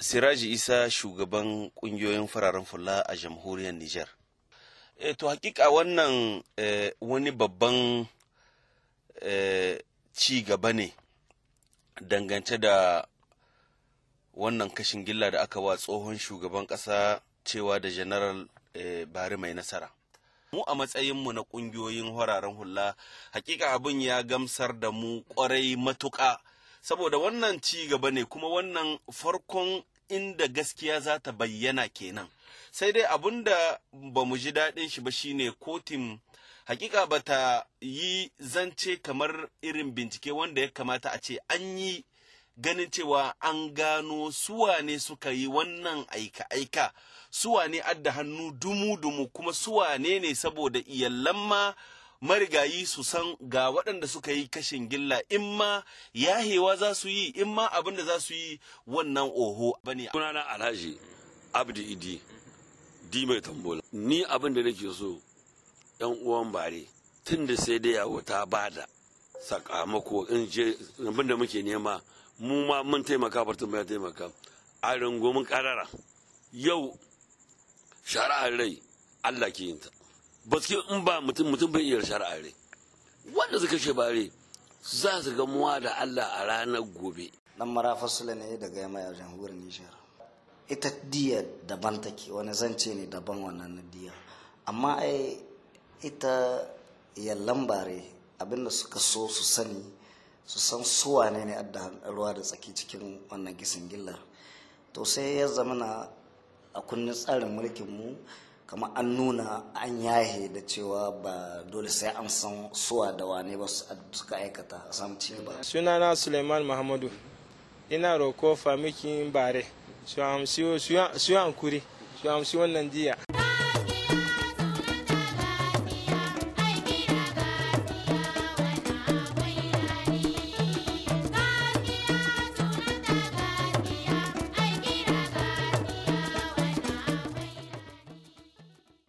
Siraji Isa shugaban kungiyoyin fararen fula a jamhuriyar Nijar. E, to hakika wannan e, wani babban e, ci gaba ne dangance da wannan kashin gilla da aka wa tsohon shugaban ƙasa cewa da general e, bari mai nasara. Mu a matsayinmu na ƙungiyoyin hararen hula, hakika abin ya gamsar da mu ƙwarai matuƙa. saboda wannan ci gaba ne kuma wannan farkon inda gaskiya za ta bayyana kenan sai dai abun da ba mu ji daɗin shi ba shine kotin hakika ba ta yi zance kamar irin bincike wanda ya kamata a ce an yi ganin cewa an gano suwa ne suka yi wannan aika-aika suwa ne adda hannu dumu-dumu kuma suwa ne ne saboda iyallan ma marigayi su san ga waɗanda suka yi kashin gilla in ma yahewa za su yi in ma abin da za su yi wannan oho ba ne sunana alhaji abdi idi di mai tambola ni abin da nake so yan uwan bare tun da sai da yawo ta da sakamako in je abin da muke nema mu ma mun taimaka tun ya taimaka a rungumin karara yau shari'ar rai Allah ke yinta ba in ba mutum mutum bai iya shari'a ne wanda suka shi bare za su ga muwa da Allah a ranar gobe dan sule ne daga yamma a jamhuriyar Nijar ita diya daban take wani zance ne daban wannan diya amma ai ita ya lambare abinda suka so su sani su san suwa ne ne adda ruwa da tsaki cikin wannan gisingillar gillar to sai ya zamana a kunnen tsarin mulkin mu kama an nuna an yahe da cewa ba dole sai an san suwa da wane ba suka aikata a samu ci gaba sunana suleiman mahamadu ina roko famikin bare su hamsi wannan jiya